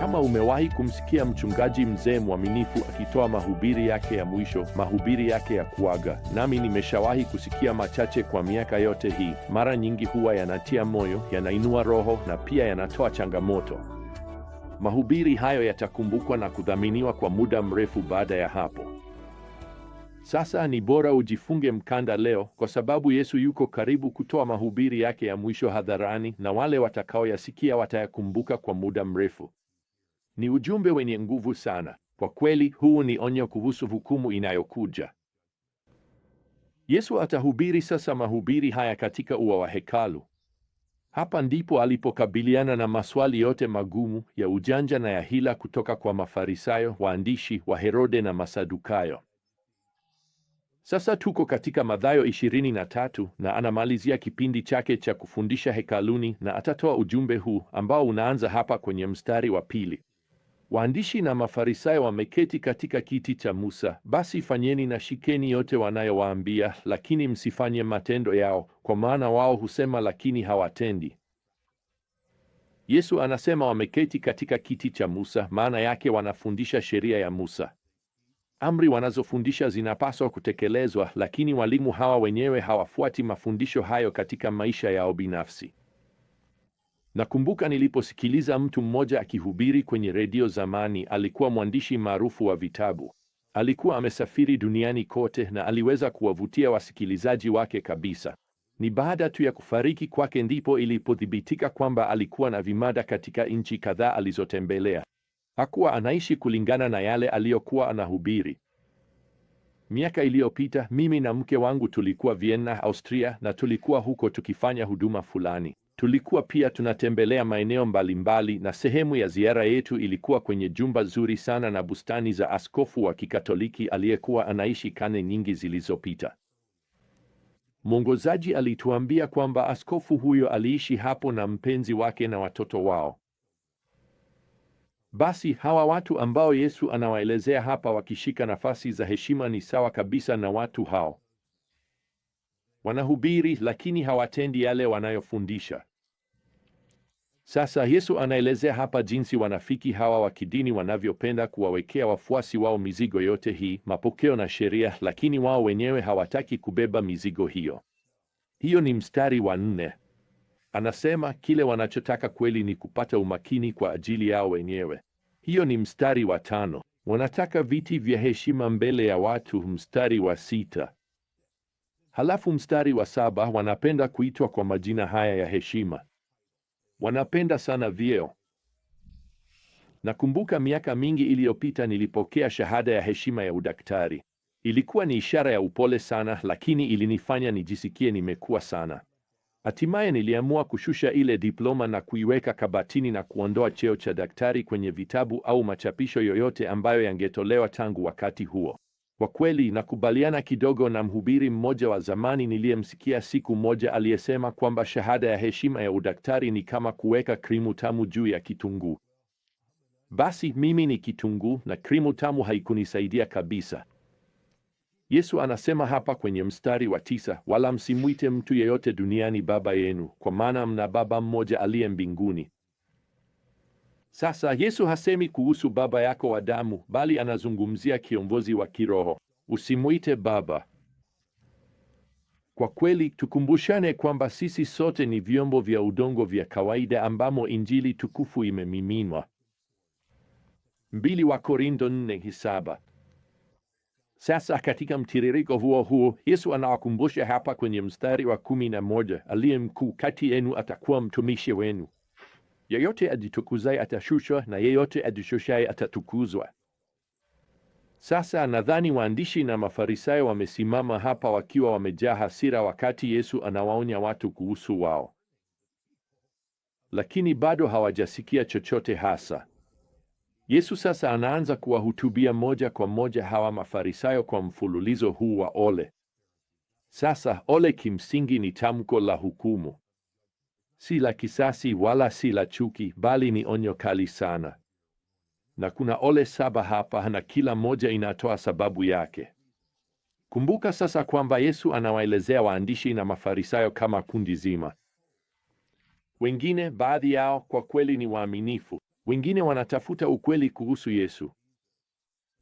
Kama umewahi kumsikia mchungaji mzee mwaminifu akitoa mahubiri yake ya mwisho, mahubiri yake ya kuaga, nami nimeshawahi kusikia machache kwa miaka yote hii, mara nyingi huwa yanatia moyo, yanainua roho na pia yanatoa changamoto. Mahubiri hayo yatakumbukwa na kudhaminiwa kwa muda mrefu baada ya hapo. Sasa ni bora ujifunge mkanda leo, kwa sababu Yesu yuko karibu kutoa mahubiri yake ya mwisho hadharani, na wale watakaoyasikia watayakumbuka kwa muda mrefu. Ni ujumbe wenye nguvu sana. Kwa kweli, huu ni onyo kuhusu hukumu inayokuja. Yesu atahubiri sasa mahubiri haya katika ua wa hekalu. Hapa ndipo alipokabiliana na maswali yote magumu ya ujanja na ya hila kutoka kwa Mafarisayo, waandishi wa Herode na Masadukayo. Sasa tuko katika Mathayo 23 na anamalizia kipindi chake cha kufundisha hekaluni na atatoa ujumbe huu ambao unaanza hapa kwenye mstari wa pili. Waandishi na Mafarisayo wameketi katika kiti cha Musa. Basi fanyeni na shikeni yote wanayowaambia, lakini msifanye matendo yao, kwa maana wao husema lakini hawatendi. Yesu anasema wameketi katika kiti cha Musa, maana yake wanafundisha sheria ya Musa. Amri wanazofundisha zinapaswa kutekelezwa, lakini walimu hawa wenyewe hawafuati mafundisho hayo katika maisha yao binafsi. Nakumbuka niliposikiliza mtu mmoja akihubiri kwenye redio zamani. Alikuwa mwandishi maarufu wa vitabu, alikuwa amesafiri duniani kote na aliweza kuwavutia wasikilizaji wake kabisa. Ni baada tu ya kufariki kwake ndipo ilipothibitika kwamba alikuwa na vimada katika nchi kadhaa alizotembelea. Hakuwa anaishi kulingana na yale aliyokuwa anahubiri. Miaka iliyopita mimi na mke wangu tulikuwa Vienna, Austria, na tulikuwa huko tukifanya huduma fulani. Tulikuwa pia tunatembelea maeneo mbalimbali na sehemu ya ziara yetu ilikuwa kwenye jumba zuri sana na bustani za askofu wa Kikatoliki aliyekuwa anaishi karne nyingi zilizopita. Mwongozaji alituambia kwamba askofu huyo aliishi hapo na mpenzi wake na watoto wao. Basi hawa watu ambao Yesu anawaelezea hapa wakishika nafasi za heshima ni sawa kabisa na watu hao. Wanahubiri lakini hawatendi yale wanayofundisha. Sasa Yesu anaelezea hapa jinsi wanafiki hawa wa kidini wanavyopenda kuwawekea wafuasi wao mizigo yote hii, mapokeo na sheria, lakini wao wenyewe hawataki kubeba mizigo hiyo. Hiyo ni mstari wa nne. Anasema kile wanachotaka kweli ni kupata umakini kwa ajili yao wenyewe. Hiyo ni mstari wa tano. Wanataka viti vya heshima mbele ya watu, mstari wa sita. Halafu mstari wa saba, wanapenda kuitwa kwa majina haya ya heshima. Wanapenda sana vyeo. Nakumbuka miaka mingi iliyopita nilipokea shahada ya heshima ya udaktari. Ilikuwa ni ishara ya upole sana, lakini ilinifanya nijisikie nimekuwa sana. Hatimaye niliamua kushusha ile diploma na kuiweka kabatini na kuondoa cheo cha daktari kwenye vitabu au machapisho yoyote ambayo yangetolewa tangu wakati huo. Kwa kweli nakubaliana kidogo na mhubiri mmoja wa zamani niliyemsikia siku moja aliyesema kwamba shahada ya heshima ya udaktari ni kama kuweka krimu tamu juu ya kitunguu. Basi mimi ni kitunguu na krimu tamu haikunisaidia kabisa. Yesu anasema hapa kwenye mstari wa tisa, wala msimwite mtu yeyote duniani baba yenu, kwa maana mna baba mmoja aliye mbinguni. Sasa Yesu hasemi kuhusu baba yako wa damu, bali anazungumzia kiongozi wa kiroho. Usimuite baba. Kwa kweli, tukumbushane kwamba sisi sote ni vyombo vya udongo vya kawaida ambamo injili tukufu imemiminwa. Mbili wa Korinto nne Sasa katika mtiririko huo huo Yesu anawakumbusha hapa kwenye mstari wa kumi na moja, aliye mkuu kati yenu atakuwa mtumishi wenu. Yeyote ajitukuzaye atashushwa na yeyote ajishushaye atatukuzwa. Sasa nadhani waandishi na Mafarisayo wamesimama hapa wakiwa wamejaa hasira, wakati Yesu anawaonya watu kuhusu wao, lakini bado hawajasikia chochote hasa. Yesu sasa anaanza kuwahutubia moja kwa moja hawa Mafarisayo kwa mfululizo huu wa ole. Sasa ole kimsingi ni tamko la hukumu si la kisasi wala si la chuki, bali ni onyo kali sana. Na kuna ole saba hapa na kila moja inatoa sababu yake. Kumbuka sasa kwamba Yesu anawaelezea waandishi na Mafarisayo kama kundi zima. Wengine, baadhi yao kwa kweli ni waaminifu, wengine wanatafuta ukweli kuhusu Yesu,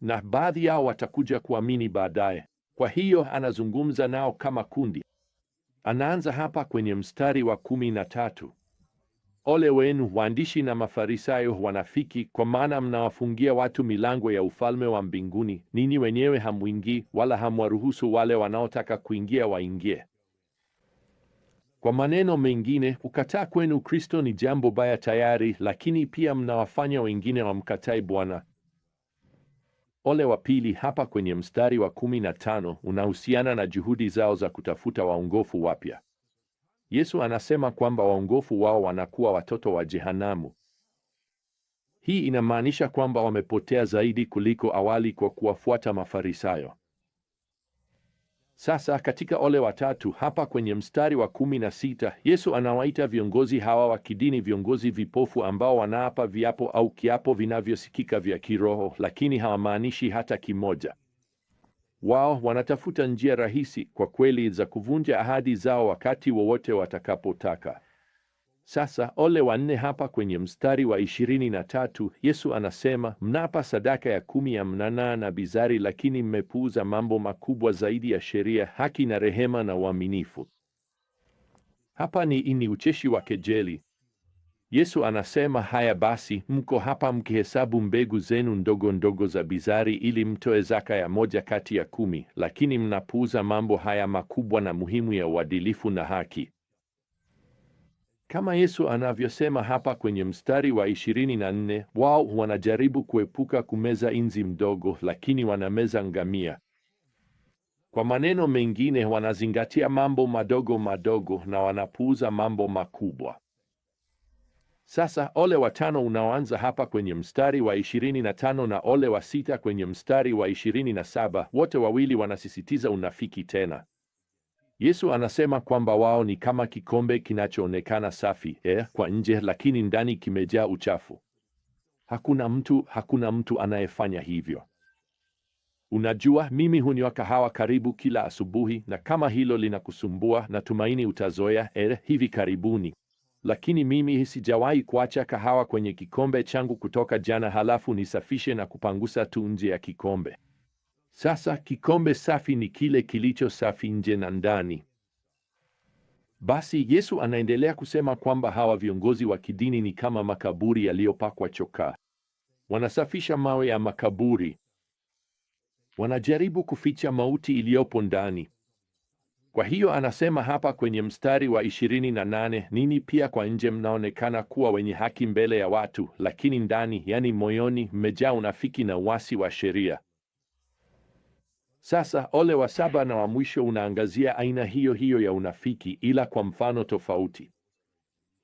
na baadhi yao watakuja kuamini baadaye. Kwa hiyo anazungumza nao kama kundi. Anaanza hapa kwenye mstari wa kumi na tatu: ole wenu waandishi na Mafarisayo wanafiki, kwa maana mnawafungia watu milango ya ufalme wa mbinguni, ninyi wenyewe hamwingii, wala hamwaruhusu wale wanaotaka kuingia waingie. Kwa maneno mengine, kukataa kwenu Kristo ni jambo baya tayari, lakini pia mnawafanya wengine wamkatai Bwana. Ole wa pili hapa kwenye mstari wa kumi na tano unahusiana na juhudi zao za kutafuta waongofu wapya. Yesu anasema kwamba waongofu wao wanakuwa watoto wa jehanamu. Hii inamaanisha kwamba wamepotea zaidi kuliko awali kwa kuwafuata Mafarisayo. Sasa katika ole watatu hapa kwenye mstari wa kumi na sita Yesu anawaita viongozi hawa wa kidini viongozi vipofu ambao wanaapa viapo au kiapo vinavyosikika vya kiroho, lakini hawamaanishi hata kimoja. Wao wanatafuta njia rahisi kwa kweli za kuvunja ahadi zao wakati wowote watakapotaka. Sasa ole wanne hapa kwenye mstari wa ishirini na tatu Yesu anasema mnapa sadaka ya kumi ya mnanaa na bizari, lakini mmepuuza mambo makubwa zaidi ya sheria, haki na rehema na uaminifu. Hapa ni ini ucheshi wa kejeli. Yesu anasema haya basi, mko hapa mkihesabu mbegu zenu ndogo ndogo za bizari ili mtoe zaka ya moja kati ya kumi, lakini mnapuuza mambo haya makubwa na muhimu ya uadilifu na haki. Kama Yesu anavyosema hapa kwenye mstari wa 24, wao wanajaribu kuepuka kumeza inzi mdogo, lakini wanameza ngamia. Kwa maneno mengine, wanazingatia mambo madogo madogo na wanapuuza mambo makubwa. Sasa ole wa tano unaoanza hapa kwenye mstari wa 25 na na ole wa sita kwenye mstari wa 27 wote wawili wanasisitiza unafiki tena. Yesu anasema kwamba wao ni kama kikombe kinachoonekana safi eh, kwa nje, lakini ndani kimejaa uchafu. Hakuna mtu, hakuna mtu anayefanya hivyo. Unajua, mimi hunywa kahawa karibu kila asubuhi, na kama hilo linakusumbua, natumaini utazoea eh, hivi karibuni. Lakini mimi sijawahi kuacha kahawa kwenye kikombe changu kutoka jana, halafu nisafishe na kupangusa tu nje ya kikombe. Sasa kikombe safi ni kile kilicho safi nje na ndani. Basi Yesu anaendelea kusema kwamba hawa viongozi wa kidini ni kama makaburi yaliyopakwa chokaa. Wanasafisha mawe ya makaburi, wanajaribu kuficha mauti iliyopo ndani. Kwa hiyo anasema hapa kwenye mstari wa ishirini na nane, nini pia kwa nje mnaonekana kuwa wenye haki mbele ya watu, lakini ndani, yani moyoni, mmejaa unafiki na uasi wa sheria. Sasa ole wa saba na wa mwisho unaangazia aina hiyo hiyo ya unafiki, ila kwa mfano tofauti.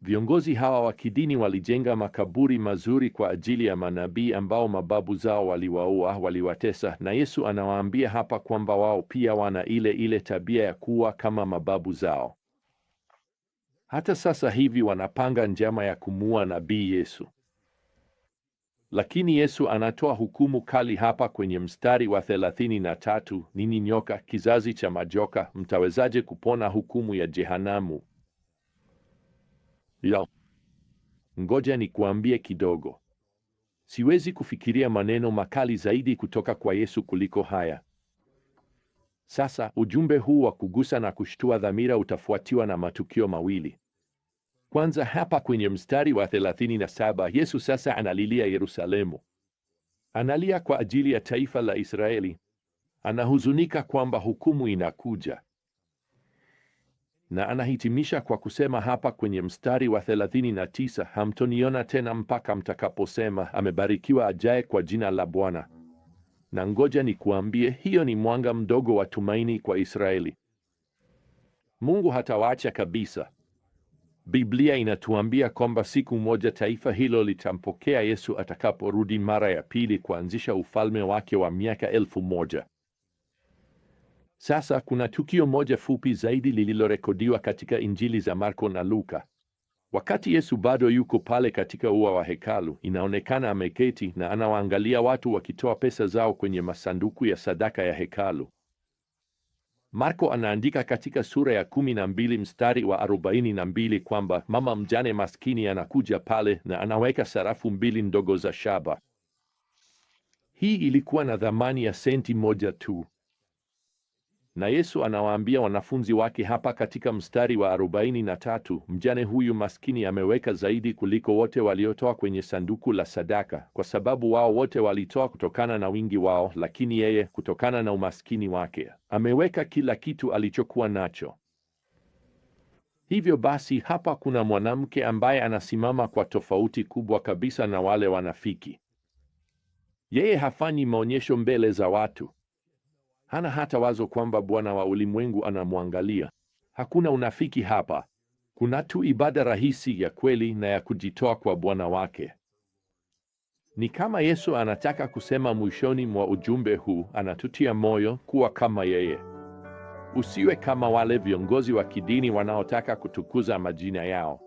Viongozi hawa wa kidini walijenga makaburi mazuri kwa ajili ya manabii ambao mababu zao waliwaua, waliwatesa, na Yesu anawaambia hapa kwamba wao pia wana ile ile tabia ya kuwa kama mababu zao. Hata sasa hivi wanapanga njama ya kumuua nabii Yesu. Lakini Yesu anatoa hukumu kali hapa kwenye mstari wa thelathini na tatu: ninyi nyoka, kizazi cha majoka, mtawezaje kupona hukumu ya jehanamu? Ya. Ngoja nikuambie kidogo. Siwezi kufikiria maneno makali zaidi kutoka kwa Yesu kuliko haya. Sasa ujumbe huu wa kugusa na kushtua dhamira utafuatiwa na matukio mawili. Kwanza hapa kwenye mstari wa 37 Yesu sasa analilia Yerusalemu. Analia kwa ajili ya taifa la Israeli. Anahuzunika kwamba hukumu inakuja. Na anahitimisha kwa kusema hapa kwenye mstari wa 39, hamtoniona tena mpaka mtakaposema amebarikiwa ajaye kwa jina la Bwana. Na ngoja nikuambie, hiyo ni mwanga mdogo wa tumaini kwa Israeli. Mungu hatawaacha kabisa. Biblia inatuambia kwamba siku moja taifa hilo litampokea Yesu atakaporudi mara ya pili kuanzisha ufalme wake wa miaka elfu moja. Sasa kuna tukio moja fupi zaidi lililorekodiwa katika Injili za Marko na Luka. Wakati Yesu bado yuko pale katika ua wa hekalu, inaonekana ameketi na anawaangalia watu wakitoa pesa zao kwenye masanduku ya sadaka ya hekalu. Marko anaandika katika sura ya kumi na mbili mstari wa arobaini na mbili kwamba mama mjane maskini anakuja pale na anaweka sarafu mbili ndogo za shaba. Hii ilikuwa na thamani ya senti moja tu. Na Yesu anawaambia wanafunzi wake hapa katika mstari wa arobaini na tatu, mjane huyu maskini ameweka zaidi kuliko wote waliotoa kwenye sanduku la sadaka, kwa sababu wao wote walitoa kutokana na wingi wao, lakini yeye kutokana na umaskini wake ameweka kila kitu alichokuwa nacho. Hivyo basi, hapa kuna mwanamke ambaye anasimama kwa tofauti kubwa kabisa na wale wanafiki. Yeye hafanyi maonyesho mbele za watu. Hana hata wazo kwamba Bwana wa ulimwengu anamwangalia. Hakuna unafiki hapa. Kuna tu ibada rahisi ya kweli na ya kujitoa kwa Bwana wake. Ni kama Yesu anataka kusema mwishoni mwa ujumbe huu, anatutia moyo kuwa kama yeye. Usiwe kama wale viongozi wa kidini wanaotaka kutukuza majina yao.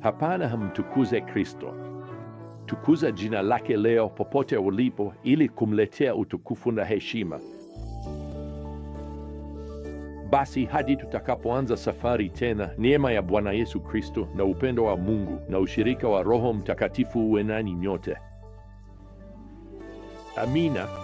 Hapana, hamtukuze Kristo. Tukuza jina lake leo popote ulipo ili kumletea utukufu na heshima. Basi hadi tutakapoanza safari tena, neema ya Bwana Yesu Kristo na upendo wa Mungu na ushirika wa Roho Mtakatifu uwe nanyi nyote. Amina.